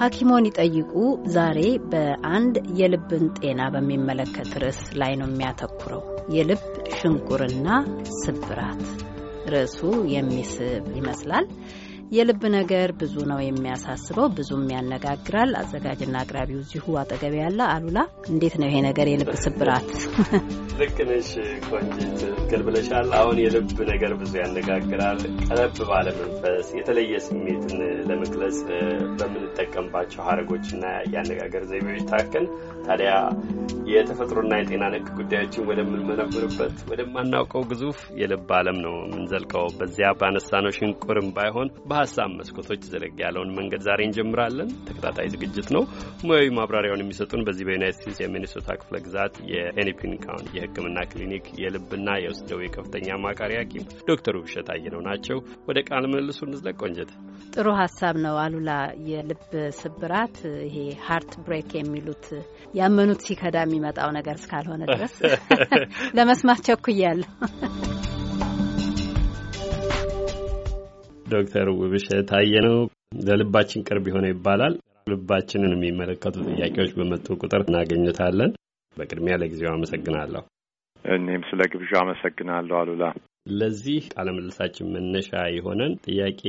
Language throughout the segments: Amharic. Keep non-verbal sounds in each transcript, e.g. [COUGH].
ሐኪሞን ይጠይቁ ዛሬ በአንድ የልብን ጤና በሚመለከት ርዕስ ላይ ነው የሚያተኩረው። የልብ ሽንቁርና ስብራት ርዕሱ የሚስብ ይመስላል። የልብ ነገር ብዙ ነው የሚያሳስበው፣ ብዙም ያነጋግራል። አዘጋጅና አቅራቢው እዚሁ አጠገብ ያለ አሉላ፣ እንዴት ነው ይሄ ነገር የልብ ስብራት? ልክ ነሽ ቆንጂት፣ ትክክል ብለሻል። አሁን የልብ ነገር ብዙ ያነጋግራል። ቀለብ ባለ መንፈስ የተለየ ስሜትን ለመግለጽ በምንጠቀምባቸው ሀረጎችና የአነጋገር ዘይቤዎች ታክን ታዲያ የተፈጥሮና የጤና ነክ ጉዳዮችን ወደምንመነምርበት ወደማናውቀው ግዙፍ የልብ ዓለም ነው የምንዘልቀው። በዚያ ባነሳነው ሽንቁርም ባይሆን በሀሳብ መስኮቶች ዘለግ ያለውን መንገድ ዛሬ እንጀምራለን። ተከታታይ ዝግጅት ነው። ሙያዊ ማብራሪያውን የሚሰጡን በዚህ በዩናይት ስቴትስ የሚኒሶታ ክፍለ ግዛት የኤኒፒን ካውንቲ የሕክምና ክሊኒክ የልብና የውስጥ ደዌ ከፍተኛ አማካሪ ሐኪም ዶክተር ውብሸት አየነው ናቸው። ወደ ቃለ ምልልሱ እንዝለቅ። ቆንጀት፣ ጥሩ ሀሳብ ነው አሉላ። የልብ ስብራት ይሄ ሀርት ብሬክ የሚሉት ያመኑት ሲከዳሚ የሚመጣው ነገር እስካልሆነ [LAUGHS] ድረስ ለመስማት ቸኩያለሁ። ዶክተር ውብሸ ታየ ነው። ለልባችን ቅርብ የሆነ ይባላል። ልባችንን የሚመለከቱ ጥያቄዎች በመጡ ቁጥር እናገኘታለን። በቅድሚያ ለጊዜው አመሰግናለሁ። እኔም ስለ ግብዣ አመሰግናለሁ አሉላ። ለዚህ ቃለ ምልልሳችን መነሻ የሆነን ጥያቄ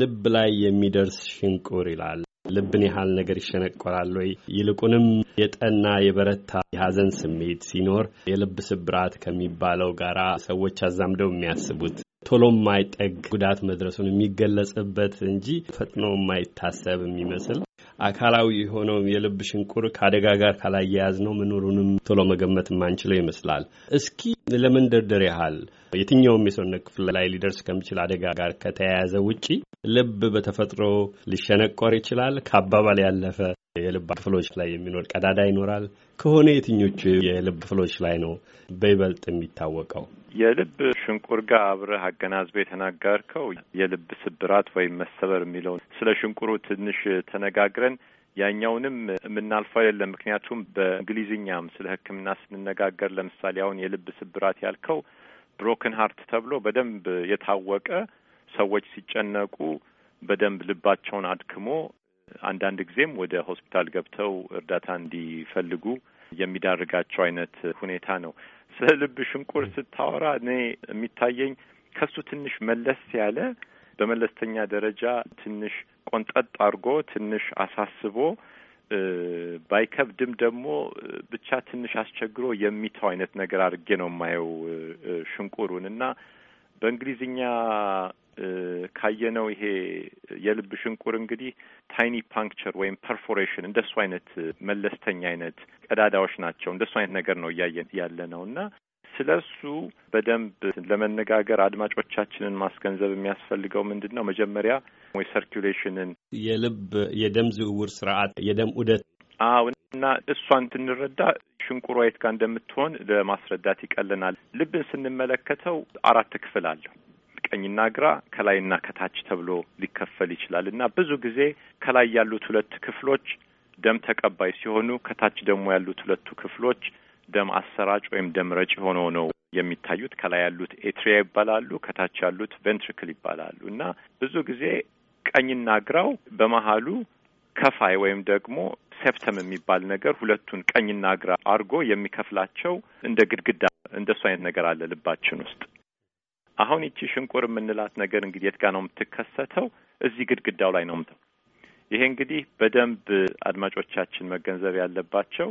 ልብ ላይ የሚደርስ ሽንቁር ይላል ልብን ያህል ነገር ይሸነቆራል ወይ? ይልቁንም የጠና የበረታ የሀዘን ስሜት ሲኖር የልብ ስብራት ከሚባለው ጋር ሰዎች አዛምደው የሚያስቡት ቶሎ የማይጠግ ጉዳት መድረሱን የሚገለጽበት እንጂ ፈጥኖ የማይታሰብ የሚመስል አካላዊ የሆነው የልብ ሽንቁር ከአደጋ ጋር ካላያያዝ ነው መኖሩንም ቶሎ መገመት የማንችለው ይመስላል። እስኪ ለመንደርደር ያህል የትኛውም የሰውነት ክፍል ላይ ሊደርስ ከሚችል አደጋ ጋር ከተያያዘ ውጪ ልብ በተፈጥሮ ሊሸነቆር ይችላል። ከአባባል ያለፈ የልብ ክፍሎች ላይ የሚኖር ቀዳዳ ይኖራል ከሆነ የትኞቹ የልብ ክፍሎች ላይ ነው በይበልጥ የሚታወቀው? የልብ ሽንቁር ጋር አብረህ አገናዝበ የተናገርከው የልብ ስብራት ወይም መሰበር የሚለውን ስለ ሽንቁሩ ትንሽ ተነጋግረን ያኛውንም የምናልፈው አይደለም። ምክንያቱም በእንግሊዝኛም ስለ ሕክምና ስንነጋገር ለምሳሌ አሁን የልብ ስብራት ያልከው ብሮክን ሀርት ተብሎ በደንብ የታወቀ ሰዎች ሲጨነቁ በደንብ ልባቸውን አድክሞ አንዳንድ ጊዜም ወደ ሆስፒታል ገብተው እርዳታ እንዲፈልጉ የሚዳርጋቸው አይነት ሁኔታ ነው። ስለ ልብ ሽንቁር ስታወራ እኔ የሚታየኝ ከሱ ትንሽ መለስ ያለ በመለስተኛ ደረጃ ትንሽ ቆንጠጥ አድርጎ ትንሽ አሳስቦ ባይከብድም ደግሞ ብቻ ትንሽ አስቸግሮ የሚተው አይነት ነገር አድርጌ ነው የማየው ሽንቁሩን እና በእንግሊዝኛ ካየነው ይሄ የልብ ሽንቁር እንግዲህ ታይኒ ፓንክቸር ወይም ፐርፎሬሽን እንደሱ አይነት መለስተኛ አይነት ቀዳዳዎች ናቸው። እንደሱ አይነት ነገር ነው እያየን ያለ ነው እና ስለ እሱ በደንብ ለመነጋገር አድማጮቻችንን ማስገንዘብ የሚያስፈልገው ምንድን ነው? መጀመሪያ ወይ ሰርኪሌሽንን የልብ የደም ዝውውር ስርዓት የደም ዑደት አዎ እና እሷ እንድንረዳ ሽንቁሯ የት ጋር እንደምትሆን ለማስረዳት ይቀልናል። ልብን ስንመለከተው አራት ክፍል አለው። ቀኝና ግራ፣ ከላይና ከታች ተብሎ ሊከፈል ይችላል እና ብዙ ጊዜ ከላይ ያሉት ሁለት ክፍሎች ደም ተቀባይ ሲሆኑ፣ ከታች ደግሞ ያሉት ሁለቱ ክፍሎች ደም አሰራጭ ወይም ደም ረጭ ሆኖ ነው የሚታዩት። ከላይ ያሉት ኤትሪያ ይባላሉ፣ ከታች ያሉት ቬንትሪክል ይባላሉ እና ብዙ ጊዜ ቀኝና ግራው በመሀሉ ከፋይ ወይም ደግሞ ሴፕተም የሚባል ነገር ሁለቱን ቀኝና ግራ አድርጎ የሚከፍላቸው እንደ ግድግዳ እንደሱ አይነት ነገር አለ ልባችን ውስጥ። አሁን ይቺ ሽንቁር የምንላት ነገር እንግዲህ የት ጋ ነው የምትከሰተው? እዚህ ግድግዳው ላይ ነው ምተው። ይሄ እንግዲህ በደንብ አድማጮቻችን መገንዘብ ያለባቸው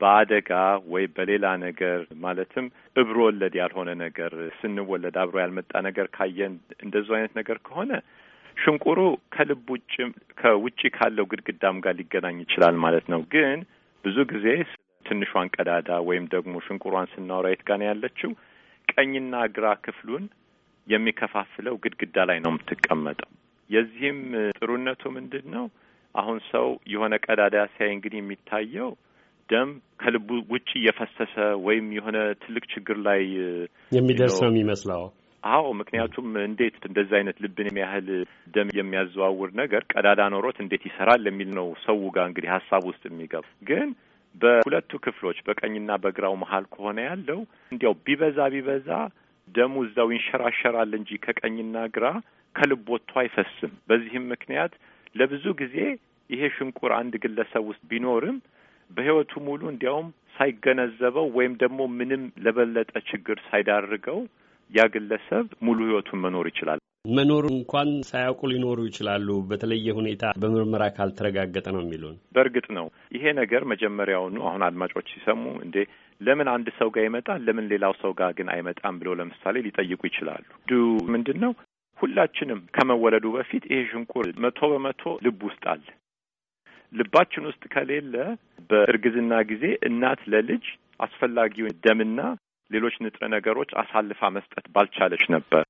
በአደጋ ወይ በሌላ ነገር ማለትም እብሮ ወለድ ያልሆነ ነገር ስንወለድ አብሮ ያልመጣ ነገር ካየን እንደዙ አይነት ነገር ከሆነ ሽንቁሩ ከልብ ውጭ ከውጭ ካለው ግድግዳም ጋር ሊገናኝ ይችላል ማለት ነው። ግን ብዙ ጊዜ ትንሿን ቀዳዳ ወይም ደግሞ ሽንቁሯን ስናወራ የት ጋር ነው ያለችው? ቀኝና ግራ ክፍሉን የሚከፋፍለው ግድግዳ ላይ ነው የምትቀመጠው። የዚህም ጥሩነቱ ምንድን ነው? አሁን ሰው የሆነ ቀዳዳ ሲያይ እንግዲህ የሚታየው ደም ከልቡ ውጭ እየፈሰሰ ወይም የሆነ ትልቅ ችግር ላይ የሚደርስ ነው የሚመስለው። አዎ፣ ምክንያቱም እንዴት እንደዚህ አይነት ልብን የሚያህል ደም የሚያዘዋውር ነገር ቀዳዳ ኖሮት እንዴት ይሰራል የሚል ነው ሰው ጋር እንግዲህ ሀሳብ ውስጥ የሚገባ ግን በሁለቱ ክፍሎች በቀኝና በግራው መሀል ከሆነ ያለው እንዲያው ቢበዛ ቢበዛ ደሙ እዛው ይንሸራሸራል እንጂ ከቀኝና ግራ ከልቦቱ አይፈስም። በዚህም ምክንያት ለብዙ ጊዜ ይሄ ሽንቁር አንድ ግለሰብ ውስጥ ቢኖርም በህይወቱ ሙሉ እንዲያውም ሳይገነዘበው ወይም ደግሞ ምንም ለበለጠ ችግር ሳይዳርገው ያ ግለሰብ ሙሉ ህይወቱን መኖር ይችላል። መኖሩ እንኳን ሳያውቁ ሊኖሩ ይችላሉ። በተለየ ሁኔታ በምርመራ ካልተረጋገጠ ነው የሚሉን። በእርግጥ ነው ይሄ ነገር መጀመሪያውኑ አሁን አድማጮች ሲሰሙ እንዴ ለምን አንድ ሰው ጋር ይመጣል፣ ለምን ሌላው ሰው ጋር ግን አይመጣም ብለው ለምሳሌ ሊጠይቁ ይችላሉ። ዱ ምንድን ነው ሁላችንም ከመወለዱ በፊት ይሄ ሽንቁር መቶ በመቶ ልብ ውስጥ አለ። ልባችን ውስጥ ከሌለ በእርግዝና ጊዜ እናት ለልጅ አስፈላጊውን ደምና ሌሎች ንጥረ ነገሮች አሳልፋ መስጠት ባልቻለች ነበር።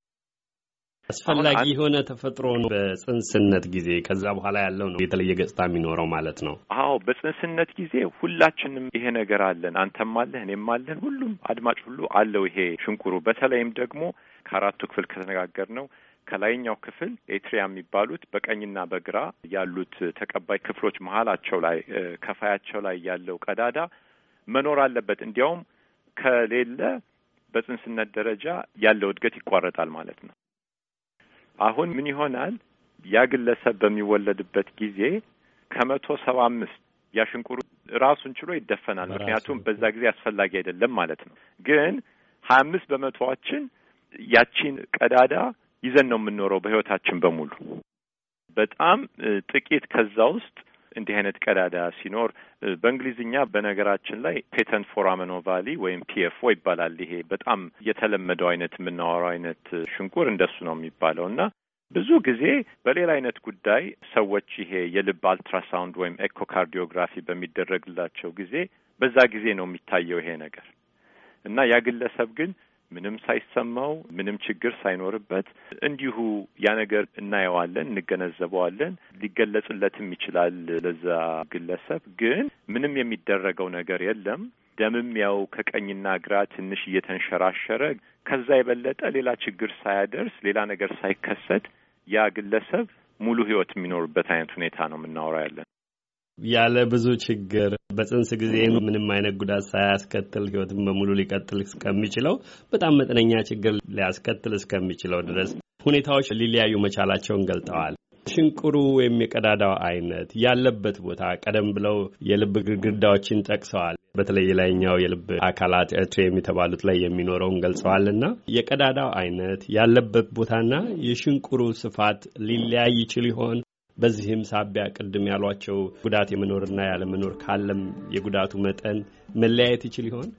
አስፈላጊ የሆነ ተፈጥሮ ነው በጽንስነት ጊዜ ከዛ በኋላ ያለው ነው የተለየ ገጽታ የሚኖረው ማለት ነው። አዎ በጽንስነት ጊዜ ሁላችንም ይሄ ነገር አለን። አንተም አለህ፣ እኔም አለን፣ ሁሉም አድማጭ ሁሉ አለው። ይሄ ሽንኩሩ በተለይም ደግሞ ከአራቱ ክፍል ከተነጋገር ነው ከላይኛው ክፍል ኤትሪያ የሚባሉት በቀኝና በግራ ያሉት ተቀባይ ክፍሎች መሀላቸው ላይ ከፋያቸው ላይ ያለው ቀዳዳ መኖር አለበት። እንዲያውም ከሌለ በጽንስነት ደረጃ ያለው እድገት ይቋረጣል ማለት ነው። አሁን ምን ይሆናል? ያ ግለሰብ በሚወለድበት ጊዜ ከመቶ ሰባ አምስት ያ ራሱን ችሎ ይደፈናል። ምክንያቱም በዛ ጊዜ አስፈላጊ አይደለም ማለት ነው። ግን ሀያ አምስት በመቶዎችን ያቺን ቀዳዳ ይዘን ነው የምንኖረው በህይወታችን በሙሉ በጣም ጥቂት ከዛ ውስጥ እንዲህ አይነት ቀዳዳ ሲኖር በእንግሊዝኛ በነገራችን ላይ ፔተንት ፎር አመኖ ቫሊ ወይም ፒኤፍኦ ይባላል። ይሄ በጣም የተለመደው አይነት የምናወራው አይነት ሽንቁር እንደሱ ነው የሚባለው እና ብዙ ጊዜ በሌላ አይነት ጉዳይ ሰዎች ይሄ የልብ አልትራሳውንድ ወይም ኤኮካርዲዮግራፊ በሚደረግላቸው ጊዜ በዛ ጊዜ ነው የሚታየው ይሄ ነገር እና ያ ግለሰብ ግን ምንም ሳይሰማው ምንም ችግር ሳይኖርበት እንዲሁ ያ ነገር እናየዋለን፣ እንገነዘበዋለን፣ ሊገለጽለትም ይችላል ለዛ ግለሰብ። ግን ምንም የሚደረገው ነገር የለም። ደምም ያው ከቀኝና ግራ ትንሽ እየተንሸራሸረ ከዛ የበለጠ ሌላ ችግር ሳያደርስ ሌላ ነገር ሳይከሰት ያ ግለሰብ ሙሉ ህይወት የሚኖርበት አይነት ሁኔታ ነው የምናወራው ያለን። ያለ ብዙ ችግር በጽንስ ጊዜ ምንም አይነት ጉዳት ሳያስከትል ህይወትን በሙሉ ሊቀጥል እስከሚችለው በጣም መጠነኛ ችግር ሊያስከትል እስከሚችለው ድረስ ሁኔታዎች ሊለያዩ መቻላቸውን ገልጠዋል። ሽንቁሩ ወይም የቀዳዳው አይነት ያለበት ቦታ ቀደም ብለው የልብ ግድግዳዎችን ጠቅሰዋል። በተለይ ላይኛው የልብ አካላት ቶ የተባሉት ላይ የሚኖረውን ገልጸዋልና የቀዳዳው አይነት ያለበት ቦታና የሽንቁሩ ስፋት ሊለያይ ይችል ይሆን? በዚህም ሳቢያ ቅድም ያሏቸው ጉዳት የመኖርና ያለመኖር ካለም የጉዳቱ መጠን መለያየት ይችል ይሆን?